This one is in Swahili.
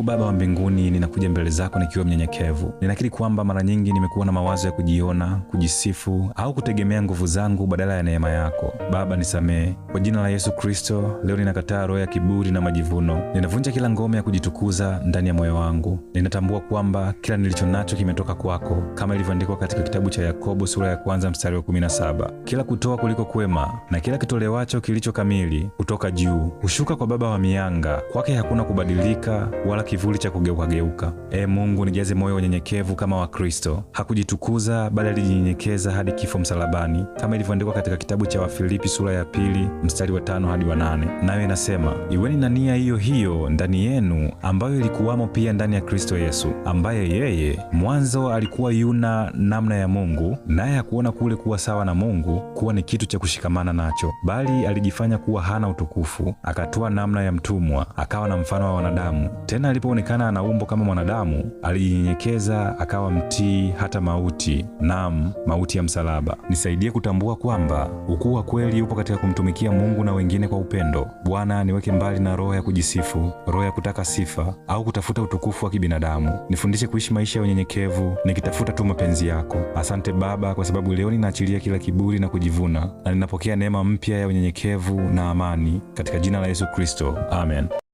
Mungu Baba wa mbinguni, ninakuja mbele zako nikiwa mnyenyekevu. Ninakiri kwamba mara nyingi nimekuwa na mawazo ya kujiona, kujisifu au kutegemea nguvu zangu badala ya neema yako. Baba, nisamehe. Kwa jina la Yesu Kristo, leo ninakataa roho ya kiburi na majivuno. Ninavunja kila ngome ya kujitukuza ndani ya moyo wangu. Ninatambua kwamba kila nilicho nacho kimetoka kwako, kama ilivyoandikwa katika kitabu cha Yakobo sura ya kwanza mstari wa 17, kila kutoa kuliko kwema na kila kitolewacho kilicho kamili kutoka juu hushuka kwa Baba wa mianga, kwake hakuna kubadilika wala kivuli cha geuka. E Mungu, nijaze moyo wa unyenyekevu kama Wakristo. Hakujitukuza bali alijinyenyekeza hadi kifo msalabani, kama ilivyoandikwa katika kitabu cha Wafilipi sura ya pili mstari wa tano hadi wa nane nayo inasema, iweni na nia hiyo hiyo ndani yenu ambayo ilikuwamo pia ndani ya Kristo Yesu, ambaye yeye mwanzo alikuwa yuna namna ya Mungu, naye hakuona kule kuwa sawa na Mungu kuwa ni kitu cha kushikamana nacho, bali alijifanya kuwa hana utukufu, akatoa namna ya mtumwa, akawa na mfano wa wanadamu tena alipoonekana ana umbo kama mwanadamu, alijinyenyekeza akawa mtii hata mauti, nam mauti ya msalaba. Nisaidie kutambua kwamba ukuu wa kweli upo katika kumtumikia Mungu na wengine kwa upendo. Bwana, niweke mbali na roho ya kujisifu, roho ya kutaka sifa au kutafuta utukufu wa kibinadamu. Nifundishe kuishi maisha ya unyenyekevu, nikitafuta tu mapenzi yako. Asante Baba, kwa sababu leo ninaachilia kila kiburi na kujivuna, na ninapokea neema mpya ya unyenyekevu na amani, katika jina la Yesu Kristo, amen.